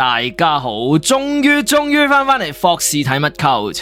大家好，終於終於翻返嚟霍士睇乜 code？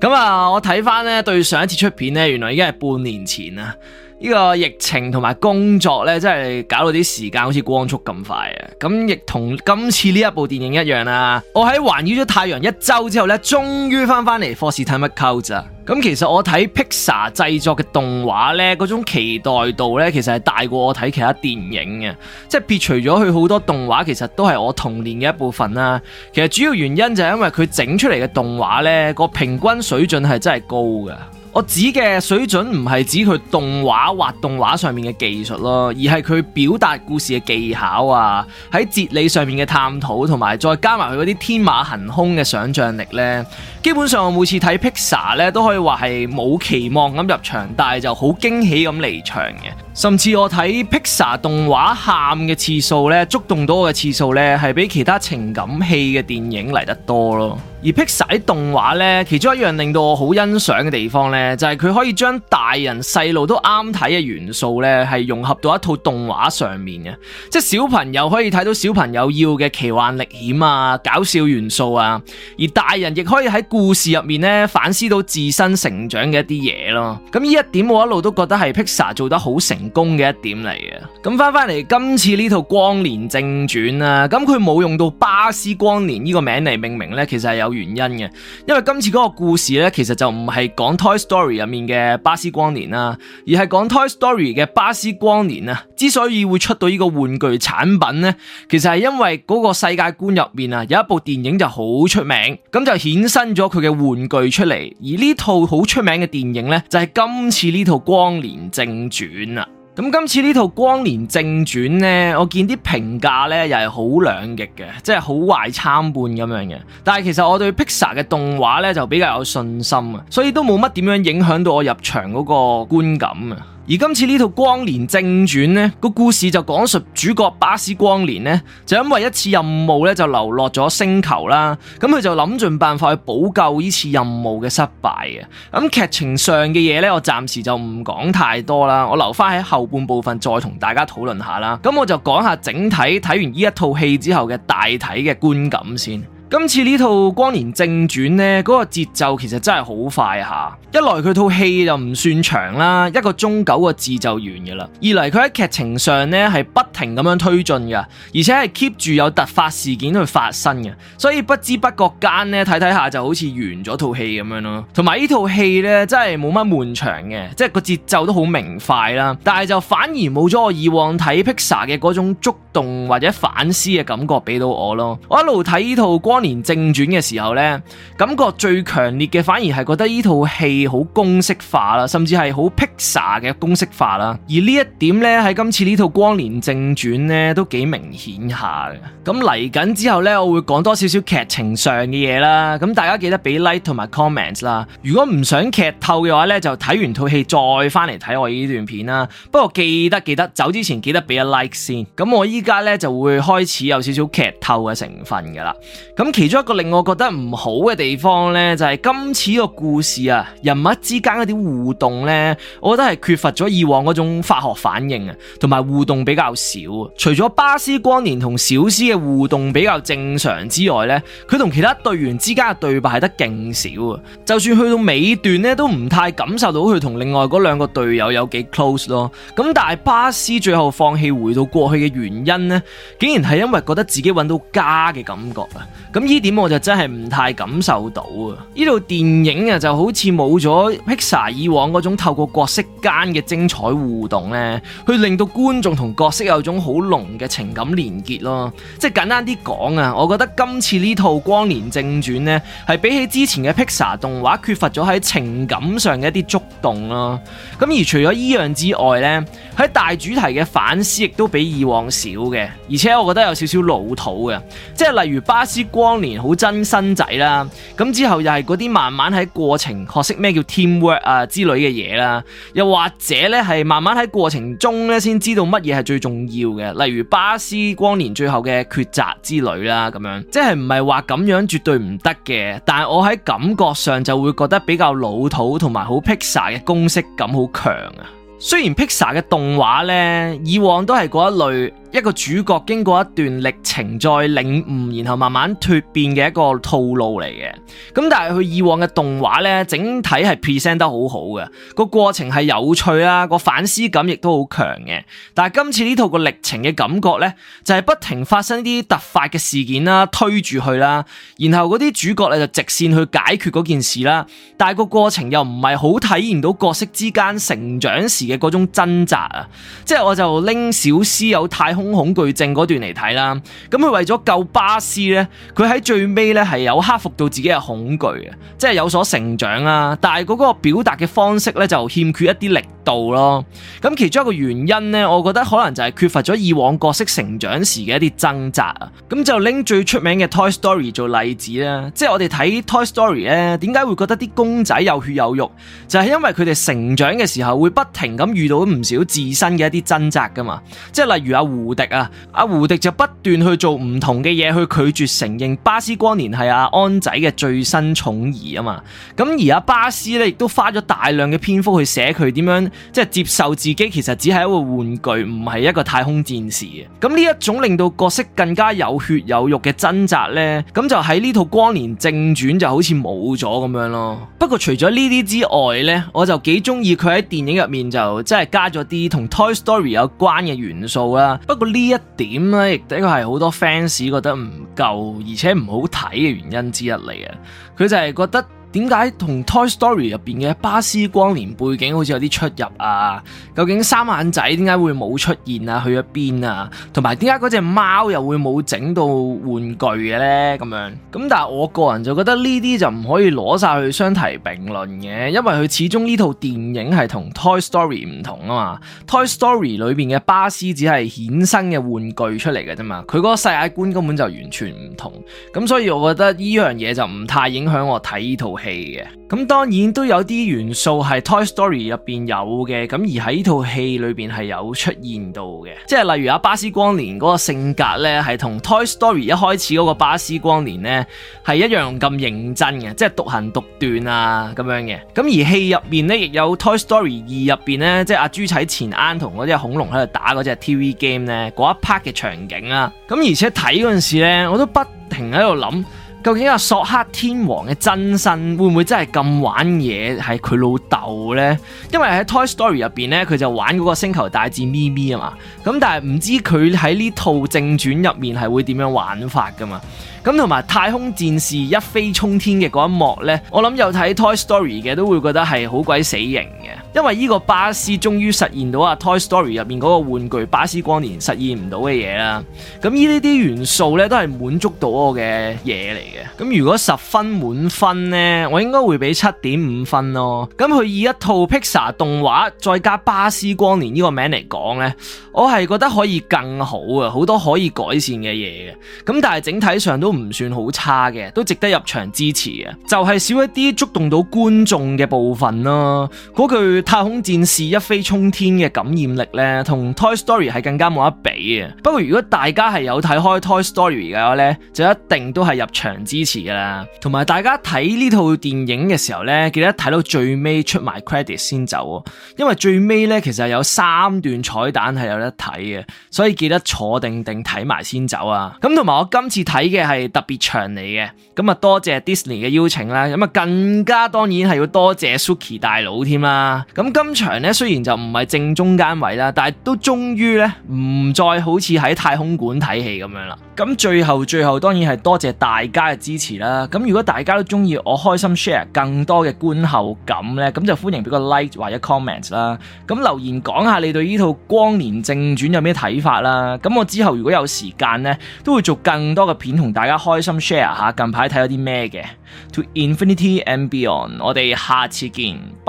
咁啊，我睇翻呢對上一次出片呢，原來已經係半年前啦。呢、這個疫情同埋工作呢，真係搞到啲時間好似光速咁快啊！咁、嗯、亦同今次呢一部電影一樣啊。我喺環繞咗太陽一周之後呢，終於翻返嚟霍士睇乜 code？咁其實我睇 Pixar 製作嘅動畫呢，嗰種期待度呢，其實係大過我睇其他電影嘅，即係撇除咗佢好多動畫，其實都係我童年嘅一部分啦。其實主要原因就係因為佢整出嚟嘅動畫呢，個平均水準係真係高㗎。我指嘅水準唔係指佢動畫或動畫上面嘅技術咯，而係佢表達故事嘅技巧啊，喺哲理上面嘅探討，同埋再加埋佢嗰啲天馬行空嘅想像力呢。基本上我每次睇 Pixar 呢都可以話係冇期望咁入場，但係就好驚喜咁離場嘅。甚至我睇 Pixar 動畫喊嘅次數呢，觸動到我嘅次數呢，係比其他情感戲嘅電影嚟得多咯。而 Pixar 動畫咧，其中一樣令到我好欣賞嘅地方呢，就係佢可以將大人細路都啱睇嘅元素呢，係融合到一套動畫上面嘅。即係小朋友可以睇到小朋友要嘅奇幻歷險啊，搞笑元素啊，而大人亦可以喺故事入面呢，反思到自身成長嘅一啲嘢咯。咁呢一點我一路都覺得係 Pixar 做得好成功嘅一點嚟嘅。咁翻翻嚟今次呢套《光年正傳》啊，咁佢冇用到巴斯光年呢個名嚟命名呢，其實係有。原因嘅，因為今次嗰個故事咧，其實就唔係講《Toy Story》入面嘅巴斯光年啦，而係講《Toy Story》嘅巴斯光年啦。之所以會出到呢個玩具產品咧，其實係因為嗰個世界觀入面啊，有一部電影就好出名，咁就衍生咗佢嘅玩具出嚟。而呢套好出名嘅電影咧，就係今次呢套《光年正傳》啊。咁今次呢套《光年正傳》呢，我見啲評價呢又係好兩極嘅，即係好壞參半咁樣嘅。但係其實我對 Pixar 嘅動畫呢就比較有信心啊，所以都冇乜點樣影響到我入場嗰個觀感啊。而今次呢套《光年正傳》呢個故事就講述主角巴斯光年呢，就因為一次任務咧就流落咗星球啦，咁佢就諗盡辦法去補救呢次任務嘅失敗嘅。咁劇情上嘅嘢呢，我暫時就唔講太多啦，我留翻喺後半部分再同大家討論下啦。咁我就講下整體睇完呢一套戲之後嘅大體嘅觀感先。今次呢套《光年正傳》呢，嗰個節奏其實真係好快嚇。一來佢套戲就唔算長啦，一個鐘九個字就完嘅啦。二嚟佢喺劇情上呢係不停咁樣推進嘅，而且係 keep 住有突發事件去發生嘅，所以不知不覺間呢，睇睇下就好似完咗套戲咁樣咯。同埋呢套戲呢，真係冇乜悶場嘅，即係個節奏都好明快啦。但係就反而冇咗我以往睇 Pixar 嘅嗰種觸動或者反思嘅感覺俾到我咯。我一路睇呢套光光年正傳嘅時候呢，感覺最強烈嘅反而係覺得呢套戲好公式化啦，甚至係好 Pixar 嘅公式化啦。而呢一點呢，喺今次呢套《光年正傳》呢都幾明顯下嘅。咁嚟緊之後呢，我會講多少少劇情上嘅嘢啦。咁大家記得俾 like 同埋 comments 啦。如果唔想劇透嘅話呢，就睇完套戲再翻嚟睇我呢段片啦。不過記得記得走之前記得俾一個 like 先。咁我依家呢，就會開始有少少劇透嘅成分噶啦。咁。其中一個令我覺得唔好嘅地方呢，就係今次個故事啊，人物之間一啲互動呢，我覺得係缺乏咗以往嗰種化學反應啊，同埋互動比較少。除咗巴斯光年同小斯嘅互動比較正常之外呢，佢同其他隊員之間嘅對白係得勁少啊。就算去到尾段呢，都唔太感受到佢同另外嗰兩個隊友有幾 close 咯。咁但係巴斯最後放棄回到過去嘅原因呢，竟然係因為覺得自己揾到家嘅感覺啊。咁呢點我就真係唔太感受到啊！呢套電影啊，就好似冇咗 Pixar 以往嗰種透過角色間嘅精彩互動呢，去令到觀眾同角色有種好濃嘅情感連結咯。即係簡單啲講啊，我覺得今次呢套《光年正傳》呢，係比起之前嘅 Pixar 動畫缺乏咗喺情感上嘅一啲觸動咯。咁而除咗依樣之外呢。喺大主題嘅反思亦都比以往少嘅，而且我覺得有少少老土嘅，即係例如巴斯光年好真身仔啦，咁之後又係嗰啲慢慢喺過程學識咩叫 teamwork 啊之類嘅嘢啦，又或者呢係慢慢喺過程中呢先知道乜嘢係最重要嘅，例如巴斯光年最後嘅抉擇之類啦咁樣，即係唔係話咁樣絕對唔得嘅，但係我喺感覺上就會覺得比較老土同埋好 Pixar 嘅公式感好強啊。雖然 Pixar 嘅動畫咧，以往都係嗰一類，一個主角經過一段歷程再領悟，然後慢慢蛻變嘅一個套路嚟嘅。咁但係佢以往嘅動畫呢，整體係 present 得好好嘅，個過程係有趣啦，個反思感亦都好強嘅。但係今次呢套個歷程嘅感覺呢，就係、是、不停發生啲突發嘅事件啦，推住佢啦，然後嗰啲主角咧就直線去解決嗰件事啦。但係個過程又唔係好體現到角色之間成長時。嘅嗰種掙扎啊，即係我就拎小斯有太空恐懼症嗰段嚟睇啦。咁佢為咗救巴斯呢，佢喺最尾呢係有克服到自己嘅恐懼啊，即係有所成長啊。但係嗰個表達嘅方式呢，就欠缺一啲力度咯。咁其中一個原因呢，我覺得可能就係缺乏咗以往角色成長時嘅一啲掙扎啊。咁就拎最出名嘅 Toy Story 做例子啦。即係我哋睇 Toy Story 呢，點解會覺得啲公仔有血有肉？就係因為佢哋成長嘅時候會不停。咁遇到唔少自身嘅一啲掙扎㗎嘛，即係例如阿、啊、胡迪啊，阿、啊、胡迪就不斷去做唔同嘅嘢去拒絕承認巴斯光年係阿安仔嘅最新寵兒啊嘛，咁而阿、啊、巴斯咧，亦都花咗大量嘅篇幅去寫佢點樣即係接受自己其實只係一個玩具，唔係一個太空戰士嘅，咁呢一種令到角色更加有血有肉嘅掙扎咧，咁、嗯、就喺呢套光年正傳就好似冇咗咁樣咯。不過除咗呢啲之外咧，我就幾中意佢喺電影入面就。即係加咗啲同 Toy Story 有關嘅元素啦，不過呢一點咧，亦都係好多 fans 覺得唔夠，而且唔好睇嘅原因之一嚟嘅。佢就係覺得。點解同 Toy Story 入邊嘅巴斯光年背景好似有啲出入啊？究竟三眼仔點解會冇出現啊？去咗邊啊？同埋點解嗰隻貓又會冇整到玩具嘅呢？咁樣咁，但係我個人就覺得呢啲就唔可以攞晒去相提並論嘅，因為佢始終呢套電影係同 Toy Story 唔同啊嘛。Toy Story 裏邊嘅巴斯只係衍生嘅玩具出嚟嘅啫嘛，佢嗰個世界觀根本就完全唔同。咁所以，我覺得呢樣嘢就唔太影響我睇呢套。戲嘅，咁當然都有啲元素係《Toy Story》入邊有嘅，咁而喺呢套戲裏邊係有出現到嘅，即係例如阿巴斯光年嗰個性格呢，係同《Toy Story》一開始嗰個巴斯光年呢係一樣咁認真嘅，即係獨行獨斷啊咁樣嘅。咁而戲入面呢，亦有《Toy Story 2》入邊呢，即係阿豬仔前啱同嗰隻恐龍喺度打嗰隻 TV game 呢，嗰一 part 嘅場景啊。咁而且睇嗰陣時呢，我都不停喺度諗。究竟阿索克天王嘅真身會唔會真係咁玩嘢係佢老豆呢？因為喺 Toy Story 入邊呢，佢就玩嗰個星球大戰咪咪啊嘛，咁但係唔知佢喺呢套正傳入面係會點樣玩法噶嘛？咁同埋太空戰士一飛沖天嘅嗰一幕呢，我諗有睇 Toy Story 嘅都會覺得係好鬼死型嘅。因為呢個巴斯終於實現到啊《Toy Story》入面嗰個玩具巴斯光年實現唔到嘅嘢啦，咁呢呢啲元素呢，都係滿足到我嘅嘢嚟嘅。咁如果十分滿分呢，我應該會俾七點五分咯。咁佢以一套 Pixar 動畫再加巴斯光年呢個名嚟講呢，我係覺得可以更好啊，好多可以改善嘅嘢嘅。咁但係整體上都唔算好差嘅，都值得入場支持啊。就係少一啲觸動到觀眾嘅部分咯。嗰句。太空戰士一飛沖天嘅感染力呢，同 Toy Story 係更加冇得比嘅。不過如果大家係有睇開 Toy Story 嘅話呢，就一定都係入場支持噶啦。同埋大家睇呢套電影嘅時候呢，記得睇到最尾出埋 credit 先走，因為最尾呢其實有三段彩蛋係有得睇嘅，所以記得坐定定睇埋先走啊。咁同埋我今次睇嘅係特別場嚟嘅，咁啊多謝 Disney 嘅邀請啦，咁啊更加當然係要多謝 Suki 大佬添啦。咁今場咧，雖然就唔係正中間位啦，但係都終於咧唔再好似喺太空館睇戲咁樣啦。咁最後最後當然係多謝大家嘅支持啦。咁如果大家都中意我開心 share 更多嘅觀後感咧，咁就歡迎俾個 like 或者 comment 啦。咁留言講下你對呢套《光年正傳》有咩睇法啦。咁我之後如果有時間咧，都會做更多嘅片同大家開心 share 下。近排睇咗啲咩嘅？To Infinity and Beyond，我哋下次見。